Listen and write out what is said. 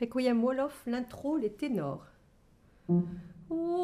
Requiem Wolof, l'intro, les ténors. Mm. Oh.